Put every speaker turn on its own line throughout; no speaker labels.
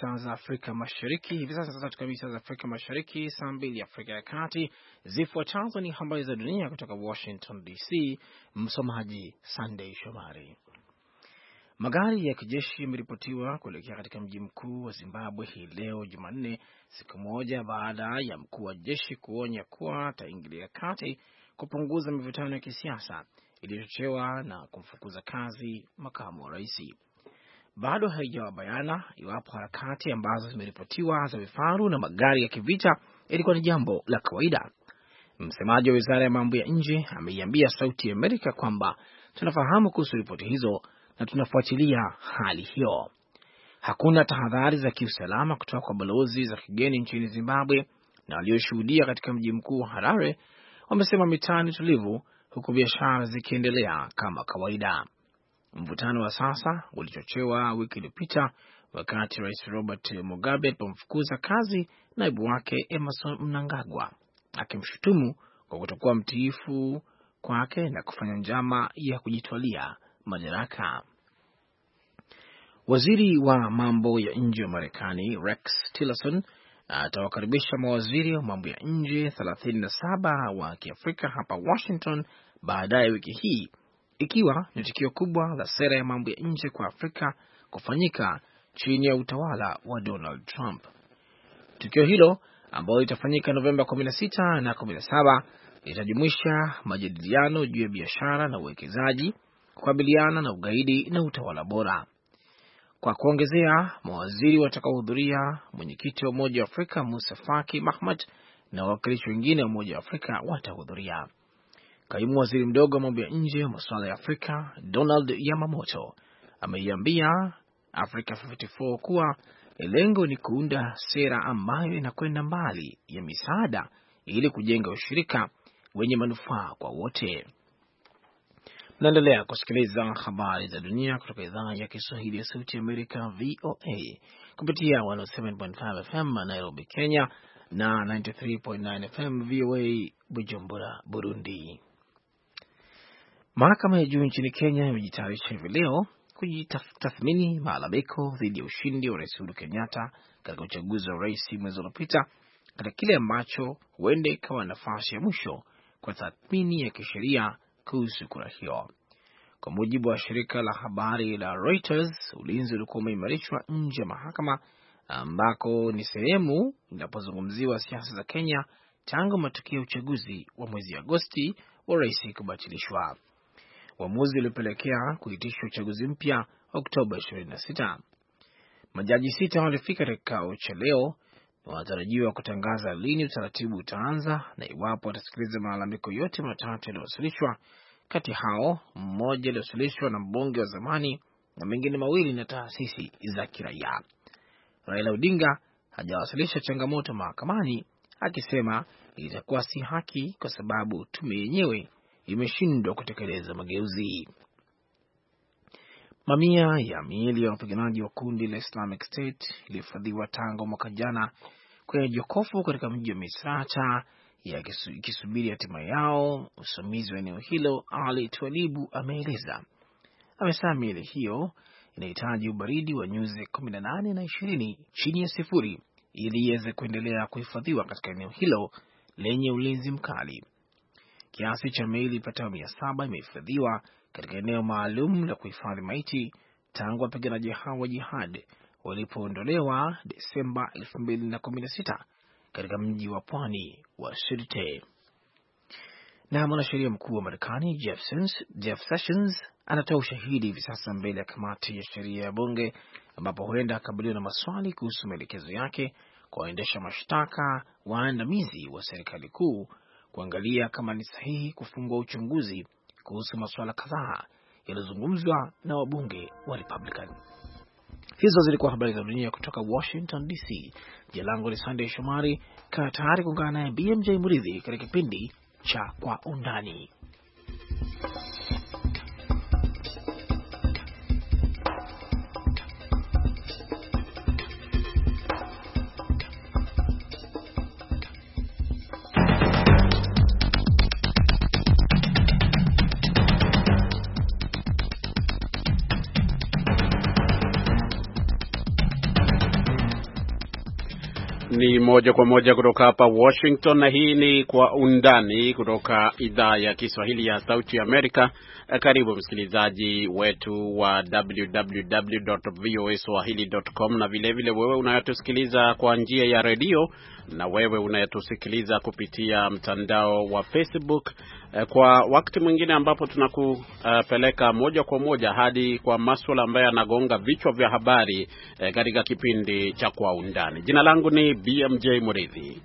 saa za Afrika Mashariki hivi sasa, tatu kamili saa za Afrika Mashariki, saa mbili Afrika ya Kati. Zifuatazo ni habari za dunia kutoka Washington DC. Msomaji Sandei Shomari. Magari ya kijeshi yameripotiwa kuelekea katika mji mkuu wa Zimbabwe hii leo Jumanne, siku moja baada ya mkuu wa jeshi kuonya kuwa ataingilia kati kupunguza mivutano ya kisiasa iliyochochewa na kumfukuza kazi makamu wa raisi bado haijawa bayana iwapo harakati ambazo zimeripotiwa za vifaru na magari ya kivita ilikuwa ni jambo la kawaida. Msemaji wa wizara ya mambo ya nje ameiambia Sauti ya Amerika kwamba tunafahamu kuhusu ripoti hizo na tunafuatilia hali hiyo. Hakuna tahadhari za kiusalama kutoka kwa balozi za kigeni nchini Zimbabwe, na walioshuhudia katika mji mkuu wa Harare wamesema mitaa ni tulivu, huku biashara zikiendelea kama kawaida. Mvutano wa sasa ulichochewa wiki iliyopita wakati Rais Robert Mugabe alipomfukuza kazi naibu wake Emerson Mnangagwa, akimshutumu kwa kutokuwa mtiifu kwake na kufanya njama ya kujitwalia madaraka. Waziri wa mambo ya nje wa Marekani Rex Tillerson atawakaribisha mawaziri wa mambo ya nje 37 wa Kiafrika hapa Washington baadaye wiki hii ikiwa ni tukio kubwa la sera ya mambo ya nje kwa Afrika kufanyika chini ya utawala wa Donald Trump. Tukio hilo ambalo litafanyika Novemba 16 na 17 litajumuisha majadiliano juu ya biashara na uwekezaji, kukabiliana na ugaidi na utawala bora. Kwa kuongezea, mawaziri watakaohudhuria, mwenyekiti wa Umoja wa Afrika Musa Faki Mahmad na wawakilishi wengine wa Umoja wa Afrika watahudhuria. Kaimu waziri mdogo wa mambo ya nje wa masuala ya Afrika Donald Yamamoto ameiambia Africa 54 kuwa lengo ni kuunda sera ambayo inakwenda mbali ya misaada ili kujenga ushirika wenye manufaa kwa wote. Naendelea kusikiliza habari za dunia kutoka idhaa ya Kiswahili ya Sauti ya Amerika, VOA, kupitia 107.5 FM Nairobi, Kenya na 93.9 FM VOA Bujumbura, Burundi. Mahakama ya juu nchini Kenya imejitayarisha hivi leo kujitathmini malalamiko dhidi ya ushindi wa Rais Uhuru Kenyatta katika uchaguzi wa urais mwezi uliopita katika kile ambacho huende ikawa nafasi ya mwisho kwa tathmini ya kisheria kuhusu kura hiyo. Kwa mujibu wa shirika la habari la Reuters, ulinzi ulikuwa umeimarishwa nje ya mahakama ambako ni sehemu inapozungumziwa siasa za Kenya tangu matukio ya uchaguzi wa mwezi Agosti wa rais kubatilishwa uamuzi uliopelekea kuitishwa uchaguzi mpya Oktoba 26. Majaji sita walifika katika kikao cha leo na wanatarajiwa kutangaza lini utaratibu utaanza na iwapo watasikiliza malalamiko yote matatu yaliyowasilishwa. Kati hao mmoja aliyowasilishwa na mbunge wa zamani na mengine mawili na taasisi za kiraia. Raila Odinga hajawasilisha changamoto mahakamani akisema itakuwa si haki kwa sababu tume yenyewe imeshindwa kutekeleza mageuzi. Mamia ya miili ya wapiganaji wa kundi la Islamic State iliyohifadhiwa tangu mwaka jana kwenye jokofu katika mji wa Misrata ikisubiri ya hatima yao. Msimamizi wa eneo hilo Ali Twalibu ameeleza, amesema miili hiyo inahitaji ubaridi wa nyuzi kumi na nane na ishirini chini ya sifuri ili iweze kuendelea kuhifadhiwa katika eneo hilo lenye ulinzi mkali. Kiasi cha maili ipatao mia saba imehifadhiwa katika eneo maalum la kuhifadhi maiti tangu wapiganaji hao wa jihad walipoondolewa Desemba 2016 katika mji wa pwani wa Sirte. Na mwanasheria mkuu wa Marekani Jeff, Jeff Sessions anatoa ushahidi hivi sasa mbele ya kamati ya sheria ya bunge ambapo huenda akabiliwa na maswali kuhusu maelekezo yake kwa waendesha mashtaka waandamizi wa serikali kuu kuangalia kama ni sahihi kufungua uchunguzi kuhusu masuala kadhaa yaliyozungumzwa na wabunge wa Republican. Hizo zilikuwa habari za dunia kutoka Washington DC. Jina langu ni Sandey Shomari. Kaa tayari kuungana naye BMJ Muridhi katika kipindi cha Kwa Undani.
moja kwa moja kutoka hapa Washington, na hii ni Kwa Undani kutoka idhaa ya Kiswahili ya Sauti Amerika. Eh, karibu msikilizaji wetu wa www voa swahilicom na vilevile vile wewe unayotusikiliza kwa njia ya redio na wewe unayotusikiliza kupitia mtandao wa Facebook Eh, kwa wakati mwingine ambapo tunakupeleka moja kwa moja hadi kwa maswala ambayo yanagonga vichwa vya habari eh, katika kipindi cha Kwa Undani. Jina langu ni BMJ Muridhi.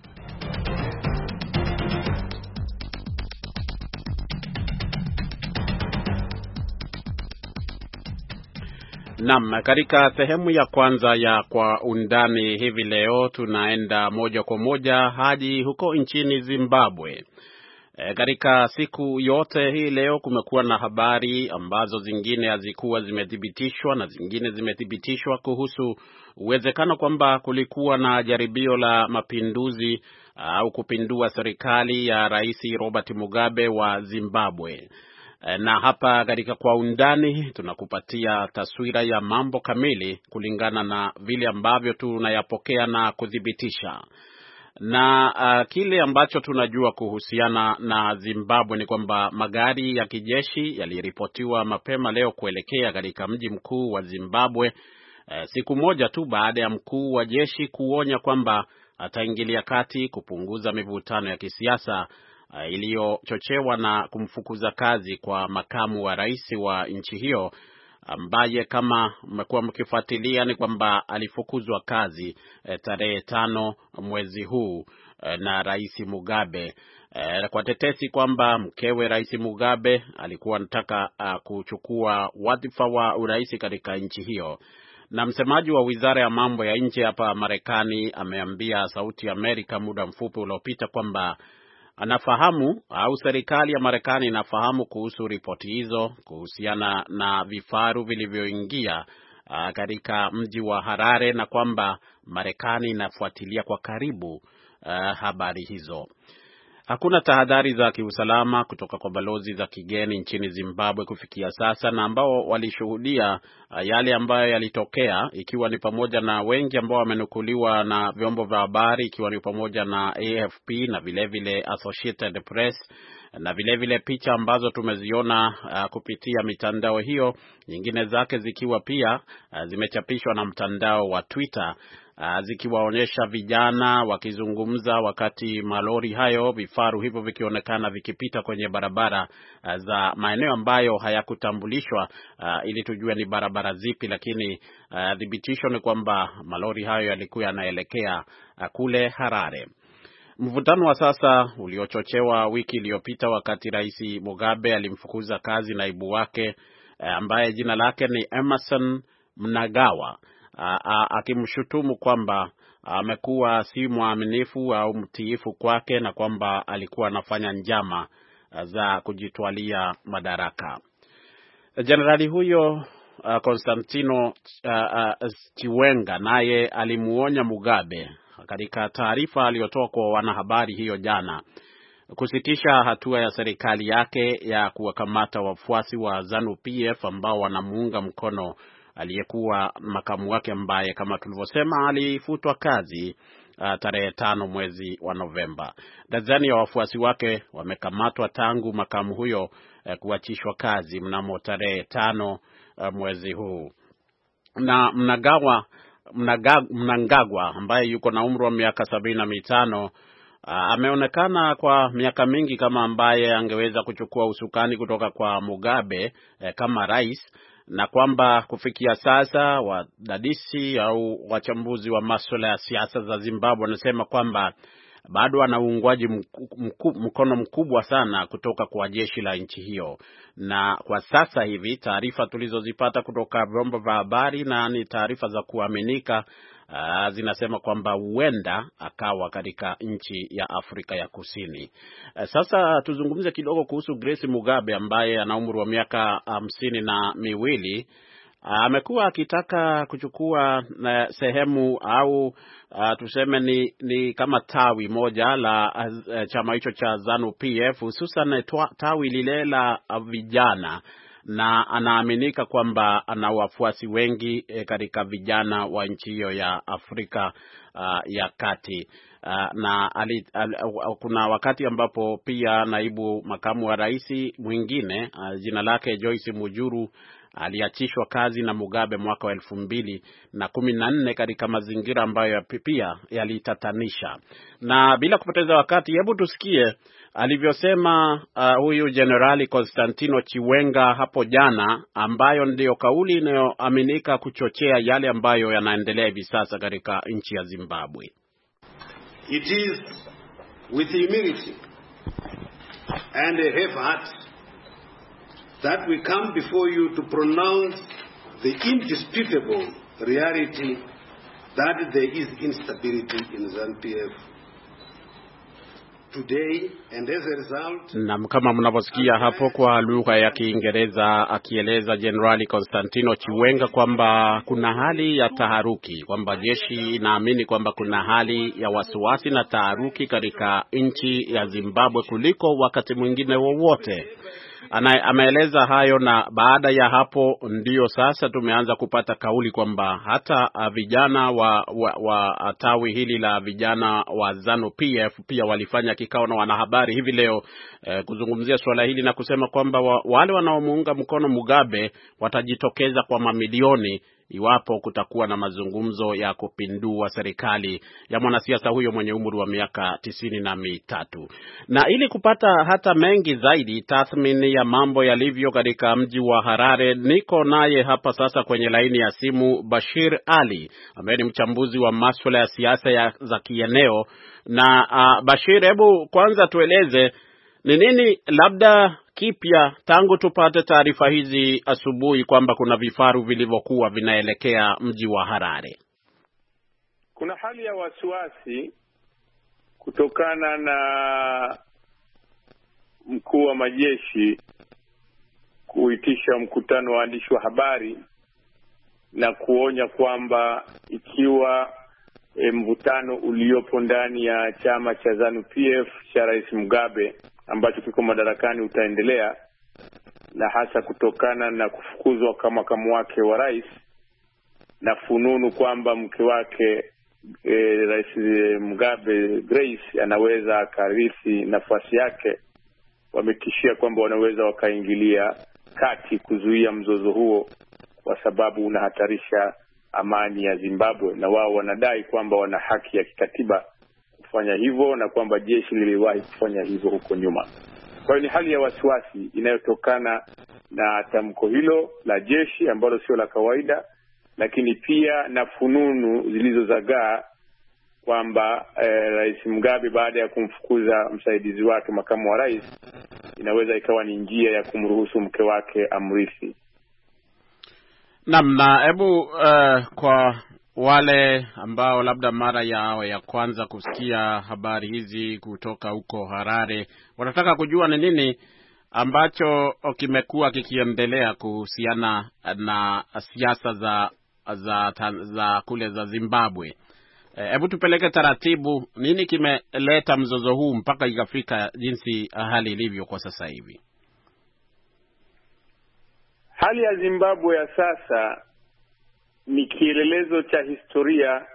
Naam, katika sehemu ya kwanza ya kwa undani hivi leo tunaenda moja kwa moja hadi huko nchini Zimbabwe E, katika siku yote hii leo kumekuwa na habari ambazo zingine hazikuwa zimethibitishwa na zingine zimethibitishwa kuhusu uwezekano kwamba kulikuwa na jaribio la mapinduzi au kupindua serikali ya Rais Robert Mugabe wa Zimbabwe. E, na hapa katika kwa undani tunakupatia taswira ya mambo kamili kulingana na vile ambavyo tunayapokea na kuthibitisha na uh, kile ambacho tunajua kuhusiana na Zimbabwe ni kwamba magari ya kijeshi yaliripotiwa mapema leo kuelekea katika mji mkuu wa Zimbabwe uh, siku moja tu baada ya mkuu wa jeshi kuonya kwamba ataingilia kati kupunguza mivutano ya kisiasa uh, iliyochochewa na kumfukuza kazi kwa makamu wa rais wa nchi hiyo ambaye kama mmekuwa mkifuatilia ni kwamba alifukuzwa kazi e, tarehe tano mwezi huu e, na Rais Mugabe e, kwa tetesi kwamba mkewe Rais Mugabe alikuwa anataka ah, kuchukua wadhifa wa urais katika nchi hiyo na msemaji wa wizara ya mambo ya nje hapa Marekani ameambia Sauti Amerika muda mfupi uliopita kwamba anafahamu au serikali ya Marekani inafahamu kuhusu ripoti hizo kuhusiana na vifaru vilivyoingia ah, katika mji wa Harare na kwamba Marekani inafuatilia kwa karibu uh, habari hizo. Hakuna tahadhari za kiusalama kutoka kwa balozi za kigeni nchini Zimbabwe kufikia sasa na ambao walishuhudia uh, yale ambayo yalitokea, ikiwa ni pamoja na wengi ambao wamenukuliwa na vyombo vya habari, ikiwa ni pamoja na AFP na vilevile vile Associated Press na vilevile vile picha ambazo tumeziona uh, kupitia mitandao hiyo, nyingine zake zikiwa pia uh, zimechapishwa na mtandao wa Twitter Ah, zikiwaonyesha vijana wakizungumza wakati malori hayo, vifaru hivyo vikionekana vikipita kwenye barabara ah, za maeneo ambayo hayakutambulishwa ah, ili tujue ni barabara zipi, lakini thibitisho ni kwamba malori hayo yalikuwa yanaelekea kule Harare. Mvutano wa sasa uliochochewa wiki iliyopita wakati Rais Mugabe alimfukuza kazi naibu wake eh, ambaye jina lake ni Emerson Mnangagwa akimshutumu kwamba amekuwa si mwaminifu au mtiifu kwake na kwamba alikuwa anafanya njama za kujitwalia madaraka. Jenerali huyo Konstantino Chiwenga naye alimuonya Mugabe katika taarifa aliyotoa kwa wanahabari hiyo jana kusitisha hatua ya serikali yake ya kuwakamata wafuasi wa Zanu PF ambao wanamuunga mkono aliyekuwa makamu wake ambaye kama tulivyosema alifutwa kazi uh, tarehe tano mwezi wa Novemba. Dazani ya wafuasi wake wamekamatwa tangu makamu huyo uh, kuachishwa kazi mnamo tarehe tano uh, mwezi huu na mnagawa Mnangagwa ambaye yuko na umri wa miaka sabini na mitano uh, ameonekana kwa miaka mingi kama ambaye angeweza kuchukua usukani kutoka kwa Mugabe e, kama rais na kwamba kufikia sasa wadadisi au wachambuzi wa maswala ya siasa za Zimbabwe wanasema kwamba bado ana uungwaji mkono mkubwa sana kutoka kwa jeshi la nchi hiyo. Na kwa sasa hivi taarifa tulizozipata kutoka vyombo vya habari, na ni taarifa za kuaminika, uh, zinasema kwamba huenda akawa katika nchi ya Afrika ya Kusini. Uh, sasa tuzungumze kidogo kuhusu Grace Mugabe ambaye ana umri wa miaka hamsini na miwili ah, amekuwa akitaka kuchukua eh, sehemu au a, tuseme ni, ni kama tawi moja la eh, chama hicho cha Zanu PF hususan tawi lile la vijana na anaaminika kwamba ana wafuasi wengi e, katika vijana wa nchi hiyo ya Afrika a, ya Kati. a, na ali, al, kuna wakati ambapo pia naibu makamu wa rais mwingine a, jina lake Joyce Mujuru aliachishwa kazi na Mugabe mwaka wa elfu mbili na kumi na nne katika mazingira ambayo pia yalitatanisha. Na bila kupoteza wakati, hebu tusikie alivyosema uh, huyu Jenerali Konstantino Chiwenga hapo jana, ambayo ndiyo kauli inayoaminika kuchochea yale ambayo yanaendelea hivi sasa katika nchi ya Zimbabwe. It is with humility and a heavy heart that we come
before you to pronounce the indisputable reality
that there is instability in ZANU-PF Today, and as a result... kama mnavyosikia hapo kwa lugha ya Kiingereza akieleza Jenerali Konstantino Chiwenga kwamba kuna hali ya taharuki, kwamba jeshi inaamini kwamba kuna hali ya wasiwasi na taharuki katika nchi ya Zimbabwe kuliko wakati mwingine wowote ameeleza hayo, na baada ya hapo ndio sasa tumeanza kupata kauli kwamba hata uh, vijana wa, wa, wa uh, tawi hili la vijana wa Zanu PF pia walifanya kikao na wanahabari hivi leo eh, kuzungumzia suala hili na kusema kwamba wa, wale wanaomuunga mkono Mugabe watajitokeza kwa mamilioni iwapo kutakuwa na mazungumzo ya kupindua serikali ya mwanasiasa huyo mwenye umri wa miaka tisini na mitatu. Na ili kupata hata mengi zaidi, tathmini ya mambo yalivyo katika mji wa Harare, niko naye hapa sasa kwenye laini ya simu Bashir Ali ambaye ni mchambuzi wa maswala ya siasa za kieneo. Na uh, Bashir, hebu kwanza tueleze ni nini labda kipya tangu tupate taarifa hizi asubuhi kwamba kuna vifaru vilivyokuwa vinaelekea mji wa Harare?
Kuna hali ya wasiwasi kutokana na mkuu wa majeshi kuitisha mkutano wa waandishi wa habari na kuonya kwamba ikiwa e, mvutano uliopo ndani ya chama cha Zanu PF cha Rais Mugabe ambacho kiko madarakani utaendelea, na hasa kutokana na kufukuzwa kwa makamu wake wa rais na fununu kwamba mke wake e, Rais e, Mugabe Grace anaweza akarithi nafasi yake. Wametishia kwamba wanaweza wakaingilia kati kuzuia mzozo huo, kwa sababu unahatarisha amani ya Zimbabwe, na wao wanadai kwamba wana haki ya kikatiba kufanya hivyo na kwamba jeshi liliwahi kufanya hivyo huko nyuma. Kwa hiyo ni hali ya wasiwasi inayotokana na tamko hilo la jeshi ambalo sio la kawaida, lakini pia na fununu zilizozagaa kwamba eh, Rais Mugabe baada ya kumfukuza msaidizi wake makamu wa rais, inaweza ikawa ni njia ya kumruhusu mke wake amrithi.
Naam, na hebu uh, kwa wale ambao labda mara yao ya kwanza kusikia habari hizi kutoka huko Harare wanataka kujua ni nini ambacho kimekuwa kikiendelea kuhusiana na siasa za, za, za kule za Zimbabwe. Eh, hebu tupeleke taratibu, nini kimeleta mzozo huu mpaka ikafika jinsi hali ilivyo kwa sasa hivi?
Hali ya Zimbabwe ya sasa ni kielelezo cha historia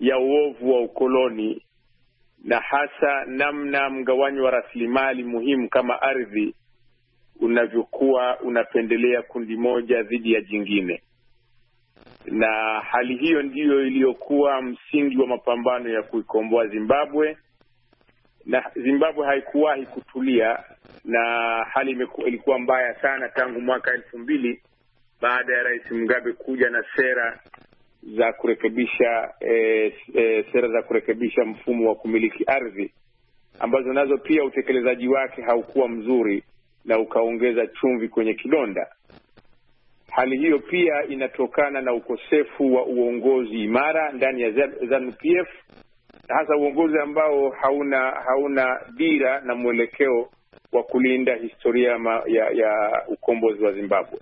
ya uovu wa ukoloni na hasa namna mgawanyo wa rasilimali muhimu kama ardhi unavyokuwa unapendelea kundi moja dhidi ya jingine, na hali hiyo ndiyo iliyokuwa msingi wa mapambano ya kuikomboa Zimbabwe. Na Zimbabwe haikuwahi kutulia, na hali ilikuwa mbaya sana tangu mwaka elfu mbili baada ya Rais Mugabe kuja na sera za kurekebisha eh, eh, sera za kurekebisha mfumo wa kumiliki ardhi ambazo nazo pia utekelezaji wake haukuwa mzuri na ukaongeza chumvi kwenye kidonda. Hali hiyo pia inatokana na ukosefu wa uongozi imara ndani ya ZANU-PF na hasa uongozi ambao hauna hauna dira na mwelekeo wa kulinda historia ya, ya ukombozi wa Zimbabwe.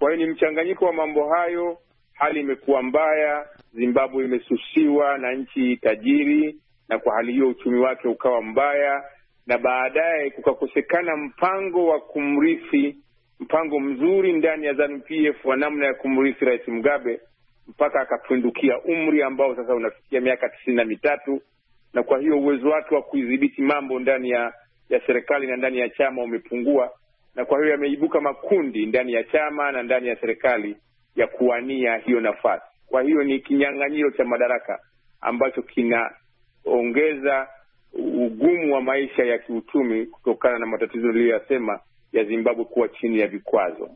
Kwa hiyo ni mchanganyiko wa mambo hayo. Hali imekuwa mbaya, Zimbabwe imesusiwa na nchi tajiri, na kwa hali hiyo uchumi wake ukawa mbaya, na baadaye kukakosekana mpango wa kumrithi, mpango mzuri ndani ya ZANU-PF wa namna ya kumrithi Rais Mugabe mpaka akapindukia umri ambao sasa unafikia miaka tisini na mitatu, na kwa hiyo uwezo wake wa kuidhibiti mambo ndani ya ya serikali na ndani ya chama umepungua, na kwa hiyo yameibuka makundi ndani ya chama na ndani ya serikali ya kuwania hiyo nafasi. Kwa hiyo ni kinyang'anyiro cha madaraka ambacho kinaongeza ugumu wa maisha ya kiuchumi kutokana na matatizo niliyoyasema ya Zimbabwe kuwa chini ya vikwazo.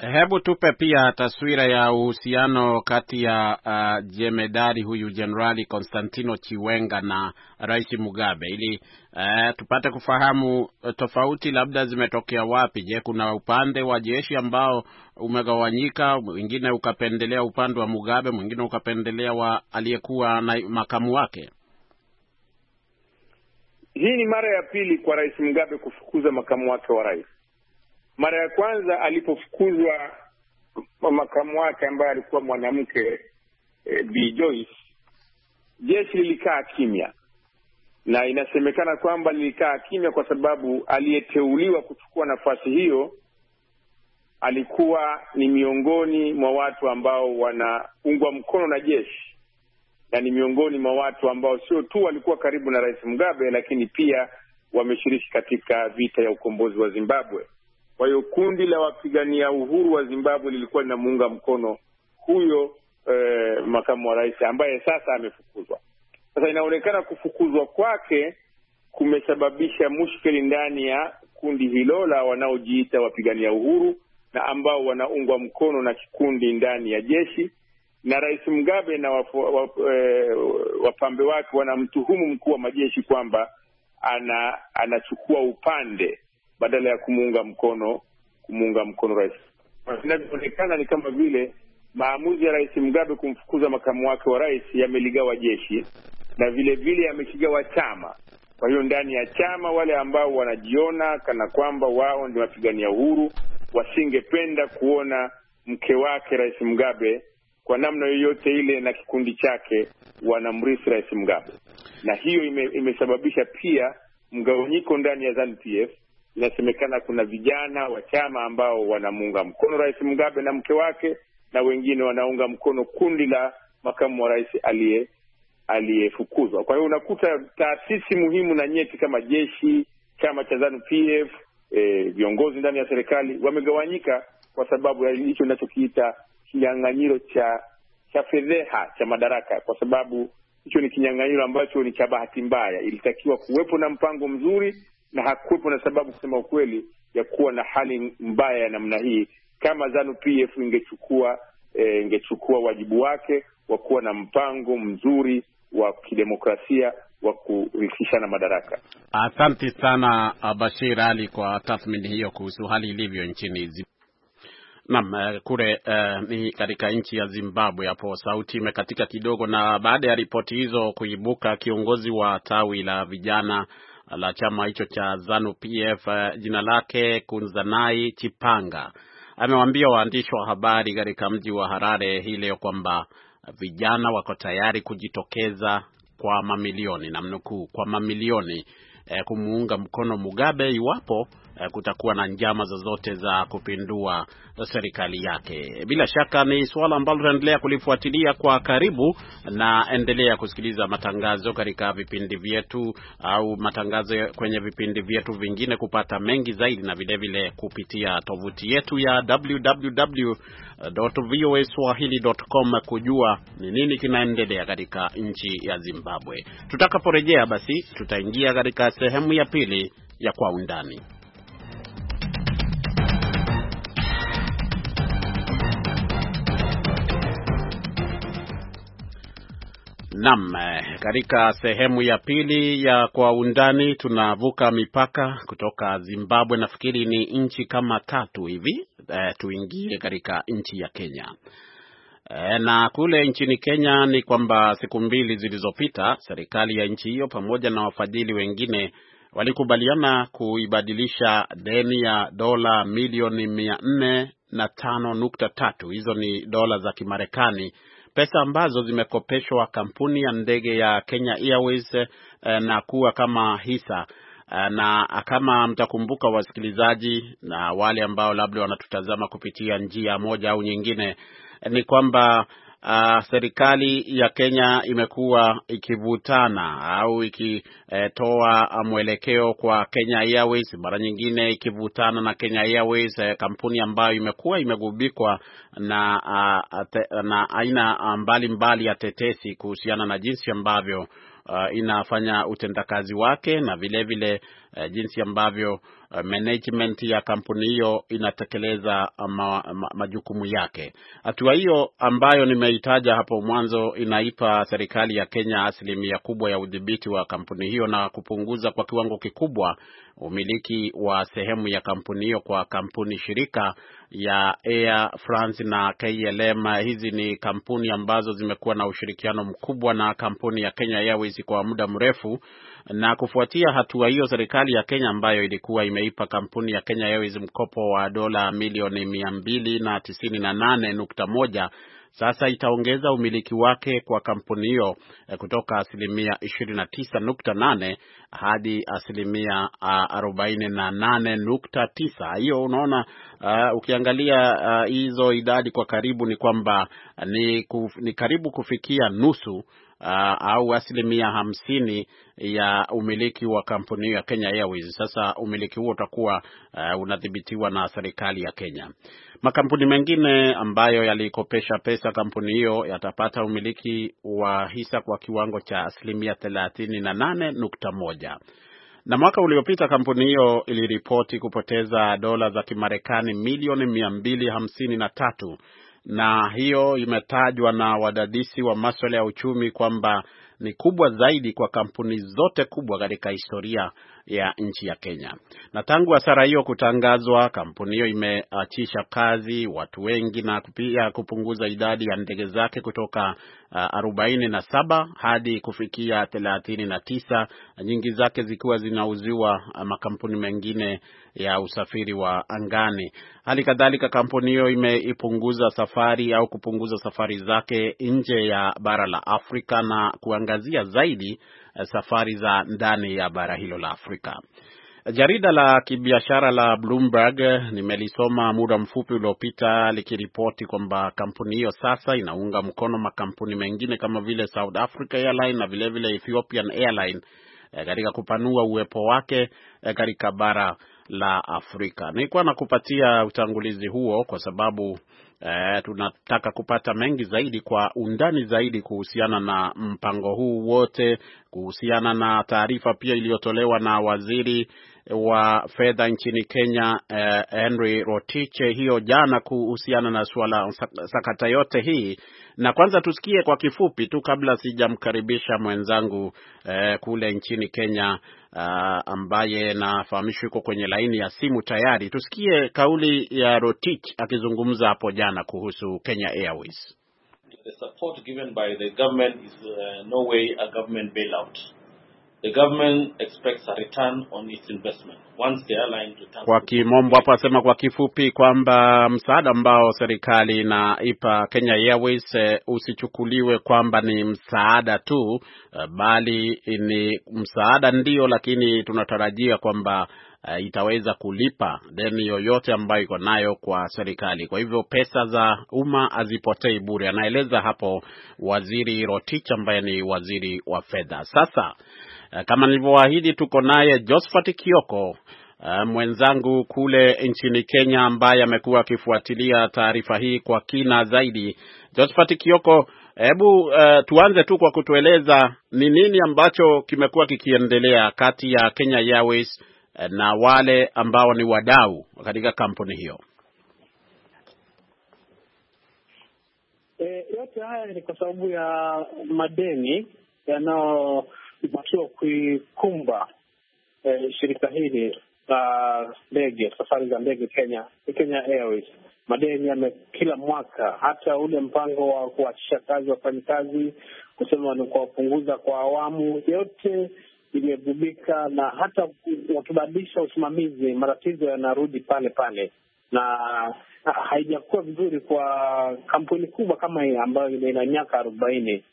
Hebu tupe pia taswira ya uhusiano kati ya uh, jemedari huyu Jenerali Konstantino Chiwenga na Rais Mugabe ili uh, tupate kufahamu uh, tofauti labda zimetokea wapi. Je, kuna upande wa jeshi ambao umegawanyika, mwingine ukapendelea upande wa Mugabe, mwingine ukapendelea wa aliyekuwa na makamu wake? Hii
ni mara ya pili kwa Rais Mugabe kufukuza makamu wake wa rais mara ya kwanza alipofukuzwa makamu wake ambaye alikuwa mwanamke e, Bi Joyce, jeshi lilikaa kimya, na inasemekana kwamba lilikaa kimya kwa sababu aliyeteuliwa kuchukua nafasi hiyo alikuwa ni miongoni mwa watu ambao wanaungwa mkono na jeshi na ni miongoni mwa watu ambao sio tu walikuwa karibu na Rais Mugabe, lakini pia wameshiriki katika vita ya ukombozi wa Zimbabwe. Kwa hiyo kundi la wapigania uhuru wa Zimbabwe lilikuwa linamuunga mkono huyo eh, makamu wa rais ambaye sasa amefukuzwa. Sasa inaonekana kufukuzwa kwake kumesababisha mushkeli ndani ya kundi hilo la wanaojiita wapigania uhuru na ambao wanaungwa mkono na kikundi ndani ya jeshi na Rais Mugabe na wap, wap, e, eh, wapambe wake wanamtuhumu mkuu wa majeshi kwamba ana, anachukua upande badala ya kumuunga mkono kumuunga mkono rais. Inavyoonekana ni kama vile maamuzi ya Rais Mugabe kumfukuza makamu wake wa rais yameligawa jeshi na vile vile yamekigawa chama. Kwa hiyo ndani ya chama wale ambao wanajiona kana kwamba wao ndio wapigania uhuru wasingependa kuona mke wake Rais Mugabe kwa namna yoyote ile na kikundi chake wanamrithi Rais Mugabe, na hiyo ime, imesababisha pia mgawanyiko ndani ya ZANU PF Inasemekana kuna vijana wa chama ambao wanamuunga mkono Rais Mugabe na mke wake, na wengine wanaunga mkono kundi la makamu wa rais aliye aliyefukuzwa. Kwa hiyo unakuta taasisi muhimu na nyeti kama jeshi, chama cha Zanu PF, e, viongozi ndani ya serikali wamegawanyika kwa sababu ya hicho inachokiita kinyang'anyiro cha cha fedheha cha madaraka, kwa sababu hicho ni kinyang'anyiro ambacho ni cha bahati mbaya. Ilitakiwa kuwepo na mpango mzuri na hakuwepo na sababu kusema ukweli ya kuwa na hali mbaya ya namna hii kama Zanu PF ingechukua e, ingechukua wajibu wake wa kuwa na mpango mzuri wa kidemokrasia wa kurikishana madaraka.
Asante sana uh, Bashir Ali kwa tathmini hiyo kuhusu hali ilivyo nchini nam eh, kule uh, ni katika nchi ya Zimbabwe. Hapo sauti imekatika kidogo. Na baada ya ripoti hizo kuibuka, kiongozi wa tawi la vijana la chama hicho cha Zanu PF eh, jina lake Kunzanai Chipanga amewaambia waandishi wa habari katika mji wa Harare hii leo kwamba vijana wako tayari kujitokeza kwa mamilioni, namnukuu, kwa mamilioni eh, kumuunga mkono Mugabe iwapo Eh, kutakuwa na njama zozote za kupindua eh, serikali yake. Bila shaka ni suala ambalo tunaendelea kulifuatilia kwa karibu, na endelea kusikiliza matangazo katika vipindi vyetu au matangazo kwenye vipindi vyetu vingine kupata mengi zaidi, na vilevile vile kupitia tovuti yetu ya www.voaswahili.com kujua ni nini kinaendelea katika nchi ya Zimbabwe. Tutakaporejea basi, tutaingia katika sehemu ya pili ya kwa undani. Naam, katika sehemu ya pili ya kwa undani tunavuka mipaka kutoka Zimbabwe. Nafikiri ni nchi kama tatu hivi e, tuingie katika nchi ya Kenya. E, na kule nchini Kenya ni kwamba siku mbili zilizopita serikali ya nchi hiyo pamoja na wafadhili wengine walikubaliana kuibadilisha deni ya dola milioni mia nne na tano nukta tatu. Hizo ni dola za Kimarekani pesa ambazo zimekopeshwa kampuni ya ndege ya Kenya Airways eh, na kuwa kama hisa eh, na kama mtakumbuka wasikilizaji, na wale ambao labda wanatutazama kupitia njia moja au nyingine, eh, ni kwamba uh, serikali ya Kenya imekuwa ikivutana au ikitoa eh, mwelekeo kwa Kenya Airways, mara nyingine ikivutana na Kenya Airways, eh, kampuni ambayo imekuwa imegubikwa na, uh, te, na aina ah, mbalimbali ya tetesi kuhusiana na jinsi ambavyo Uh, inafanya utendakazi wake na vile vile uh, jinsi ambavyo Eh, management ya kampuni hiyo inatekeleza eh, ma, ma, majukumu yake. Hatua hiyo ambayo nimeitaja hapo mwanzo inaipa serikali ya Kenya asilimia kubwa ya udhibiti wa kampuni hiyo na kupunguza kwa kiwango kikubwa umiliki wa sehemu ya kampuni hiyo kwa kampuni shirika ya Air France na KLM. Hizi ni kampuni ambazo zimekuwa na ushirikiano mkubwa na kampuni ya Kenya Airways kwa muda mrefu, na kufuatia hatua hiyo, serikali ya Kenya ambayo ilikuwa imeipa kampuni ya Kenya Airways mkopo wa dola milioni mia mbili na tisini na nane nukta moja sasa itaongeza umiliki wake kwa kampuni hiyo eh, kutoka asilimia 29.8 hadi asilimia 48.9. Ah, hiyo unaona, uh, ukiangalia ah, hizo uh, idadi kwa karibu ni kwamba ni, kuf, ni karibu kufikia nusu uh, au asilimia hamsini ya umiliki wa kampuni ya Kenya Airways. Sasa umiliki huo utakuwa uh, unadhibitiwa na serikali ya Kenya. Makampuni mengine ambayo yalikopesha pesa kampuni hiyo yatapata umiliki wa hisa kwa kiwango cha asilimia thelathini na nane nukta moja na mwaka uliopita kampuni hiyo iliripoti kupoteza dola za Kimarekani milioni mia mbili hamsini na tatu na hiyo imetajwa na wadadisi wa maswala ya uchumi kwamba ni kubwa zaidi kwa kampuni zote kubwa katika historia ya nchi ya Kenya. Na tangu hasara hiyo kutangazwa, kampuni hiyo imeachisha kazi watu wengi na pia kupunguza idadi ya ndege zake kutoka ah, arobaini na saba hadi kufikia thelathini na tisa, nyingi zake zikiwa zinauziwa ah, makampuni mengine ya usafiri wa angani. Hali kadhalika kampuni hiyo imeipunguza safari au kupunguza safari zake nje ya bara la Afrika na kuangazia zaidi safari za ndani ya bara hilo la Afrika. Jarida la kibiashara la Bloomberg nimelisoma muda mfupi uliopita likiripoti kwamba kampuni hiyo sasa inaunga mkono makampuni mengine kama vile South Africa Airline na vilevile vile Ethiopian Airline eh, katika kupanua uwepo wake eh, katika bara la Afrika. Nilikuwa nakupatia utangulizi huo kwa sababu E, tunataka kupata mengi zaidi kwa undani zaidi kuhusiana na mpango huu wote, kuhusiana na taarifa pia iliyotolewa na waziri wa fedha nchini Kenya eh, Henry Rotiche hiyo jana kuhusiana na suala sakata yote hii, na kwanza tusikie kwa kifupi tu kabla sijamkaribisha mwenzangu eh, kule nchini Kenya ah, ambaye nafahamishwa yuko kwenye laini ya simu tayari. Tusikie kauli ya Rotich akizungumza hapo jana kuhusu Kenya Airways. The support given by the government is, uh, no way a government bailout. The government expects a return on its investment once the airline returns. Kwa kimombo hapo asema kwa kifupi kwamba msaada ambao serikali inaipa Kenya Airways eh, usichukuliwe kwamba ni msaada tu, eh, bali ni msaada ndio, lakini tunatarajia kwamba Uh, itaweza kulipa deni yoyote ambayo iko nayo kwa serikali. Kwa hivyo pesa za umma hazipotei bure, anaeleza hapo Waziri Rotich ambaye ni waziri wa fedha. Sasa Eh, kama nilivyowaahidi, tuko naye Josphat Kioko eh, mwenzangu kule nchini Kenya, ambaye amekuwa akifuatilia taarifa hii kwa kina zaidi. Josphat Kioko, hebu uh, tuanze tu kwa kutueleza ni nini ambacho kimekuwa kikiendelea kati ya Kenya Airways na wale ambao ni wadau katika kampuni hiyo.
E, yote haya ni kwa sababu ya madeni yanao inatakiwa kuikumba eh, shirika hili la ndege, safari za ndege Kenya, Kenya Airways madeni yame kila mwaka, hata ule mpango wa kuachisha kazi wafanyikazi, kusema ni kuwapunguza kwa awamu, yote imegubika, na hata wakibadilisha usimamizi, matatizo yanarudi pale pale, na haijakuwa vizuri kwa kampuni kubwa kama hii ambayo ina miaka arobaini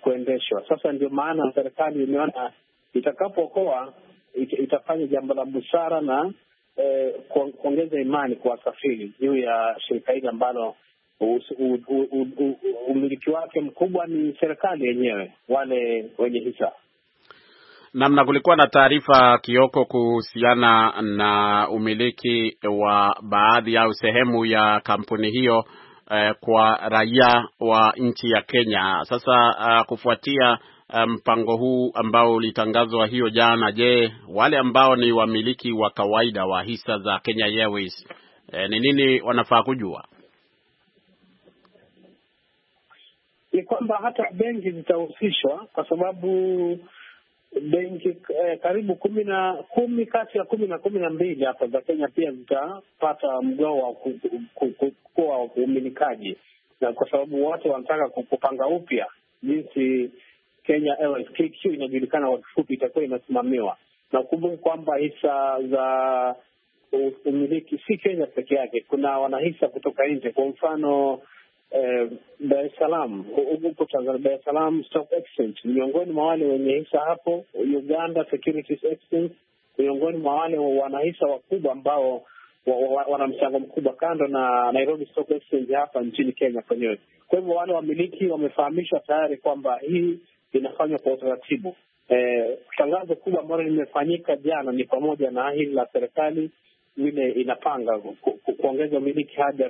kuendeshwa. Sasa ndio maana serikali imeona itakapokoa itafanya jambo la busara na eh, kuongeza imani kwa wasafiri juu ya shirika hili ambalo umiliki wake mkubwa ni serikali yenyewe, wale wenye hisa
namna. Kulikuwa na taarifa Kioko, kuhusiana na umiliki wa baadhi au sehemu ya kampuni hiyo eh, kwa raia wa nchi ya Kenya. Sasa uh, kufuatia eh, mpango um, huu ambao ulitangazwa hiyo jana, je, wale ambao ni wamiliki wa kawaida wa hisa za Kenya Airways eh, ni eh, nini wanafaa kujua?
Ni kwamba hata benki zitahusishwa kwa sababu benki eh, karibu kumi na kumi kati ya kumi na kumi na mbili hapa za Kenya pia zitapata mgao wa kuwa umilikaji, na kwa sababu wote wanataka kupanga upya jinsi Kenya KQ inajulikana kwa kifupi itakuwa inasimamiwa, na ukumbuke kwamba hisa za umiliki si Kenya peke yake, kuna wanahisa kutoka nje, kwa mfano Eh, Dar es Salaam huko Tanzania, Dar es Salaam Stock Exchange miongoni mwa wale wenye hisa hapo. Uganda Securities Exchange miongoni mwa wale wanahisa wakubwa ambao wana mchango mkubwa, kando na Nairobi Stock Exchange hapa nchini Kenya kwenyewe. Kwa hivyo wale wamiliki wamefahamishwa tayari kwamba hii inafanywa kwa utaratibu. Eh, tangazo kubwa ambalo limefanyika jana ni pamoja na hili la serikali vile inapanga kuongeza umiliki hadi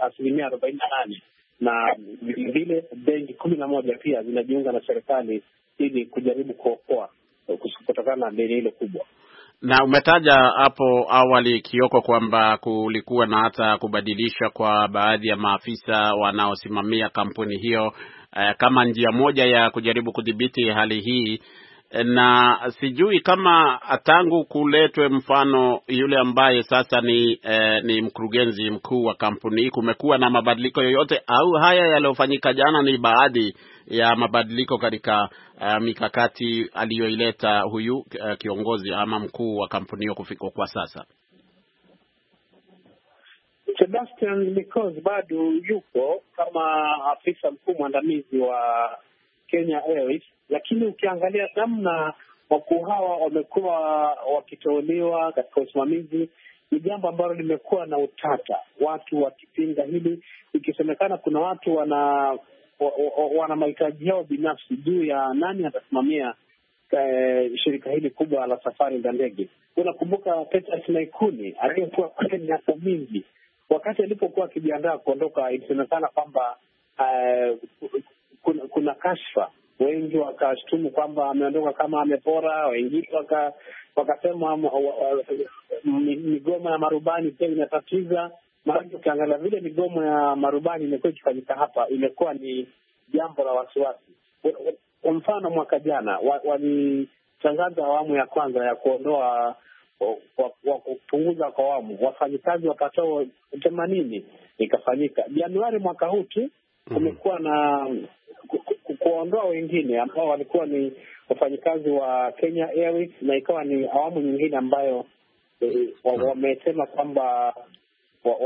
asilimia arobaini na nane na vilevile benki kumi na moja pia zinajiunga na serikali ili kujaribu kuokoa kutokana na deni hilo kubwa.
Na umetaja hapo awali Kioko, kwamba kulikuwa na hata kubadilisha kwa baadhi ya maafisa wanaosimamia kampuni hiyo eh, kama njia moja ya kujaribu kudhibiti hali hii na sijui kama tangu kuletwe mfano yule ambaye sasa ni eh, ni mkurugenzi mkuu wa kampuni hii, kumekuwa na mabadiliko yoyote au haya yaliyofanyika jana ni baadhi ya mabadiliko katika eh, mikakati aliyoileta huyu eh, kiongozi ama mkuu wa kampuni hiyo kufika kwa sasa?
Sebastian Mikosi bado yuko kama afisa mkuu mwandamizi wa Kenya Airways, lakini ukiangalia namna wakuu hawa wamekuwa wakiteuliwa katika usimamizi ni jambo ambalo limekuwa na utata, watu wakipinga hili, ikisemekana kuna watu wana wana mahitaji yao binafsi juu ya nani atasimamia eh, shirika hili kubwa la safari za ndege. Unakumbuka Peter Naikuni aliyekuwa pale miaka mingi, wakati alipokuwa akijiandaa kuondoka, ilisemekana kwamba eh, kuna, kuna kashfa. Wengi wakashtumu kwamba ameondoka kama amepora, wengine waka, wakasema migomo ya marubani pia inatatiza. Maanake ukiangalia vile migomo ya marubani imekuwa ikifanyika hapa, imekuwa ni jambo la wasiwasi. Kwa mfano mwaka jana walitangaza wa awamu ya kwanza ya kuondoa wa kupunguza kwa awamu wafanyikazi wapatao themanini, ikafanyika Januari mwaka huu tu. Mhm. Kumekuwa na kuondoa wengine ambao walikuwa ni wafanyikazi wa Kenya Airways, na ikawa ni awamu nyingine ambayo eh, mm. wamesema kwamba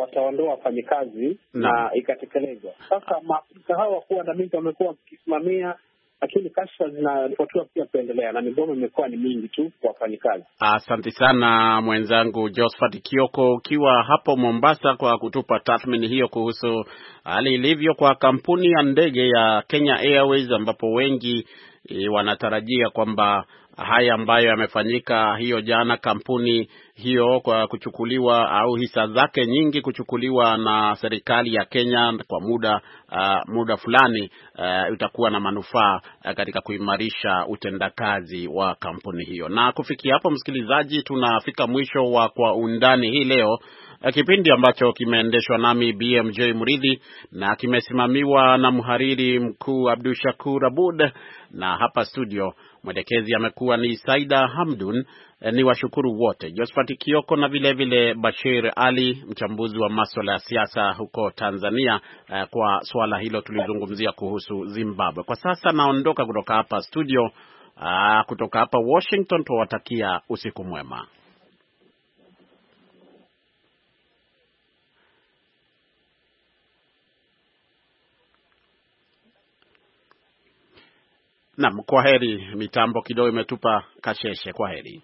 wataondoa wafanyikazi mm. na ikatekelezwa. Sasa maafrika hao wakuu waandamizi wamekuwa wakisimamia lakini kashfa zinaripotiwa pia kuendelea na migomo imekuwa ni mingi tu kwa wafanyikazi.
Asante sana mwenzangu josphat Kioko ukiwa hapo Mombasa kwa kutupa tathmini hiyo kuhusu hali ilivyo kwa kampuni ya ndege ya Kenya Airways ambapo wengi e, wanatarajia kwamba haya ambayo yamefanyika hiyo jana, kampuni hiyo kwa kuchukuliwa au hisa zake nyingi kuchukuliwa na serikali ya Kenya kwa muda uh, muda fulani uh, itakuwa na manufaa uh, katika kuimarisha utendakazi wa kampuni hiyo. Na kufikia hapo, msikilizaji, tunafika mwisho wa kwa undani hii leo. Eh, kipindi ambacho kimeendeshwa nami BMJ Muridhi na kimesimamiwa na mhariri mkuu Abdu Shakur Abud, na hapa studio mwelekezi amekuwa ni Saida Hamdun. Eh, ni washukuru wote Josphat Kioko na vilevile vile Bashir Ali, mchambuzi wa maswala ya siasa huko Tanzania. Eh, kwa suala hilo tulizungumzia kuhusu Zimbabwe. Kwa sasa naondoka kutoka hapa studio, ah, kutoka hapa Washington, tuwatakia usiku mwema. Naam, kwa heri. Mitambo kidogo imetupa kasheshe. Kwa heri.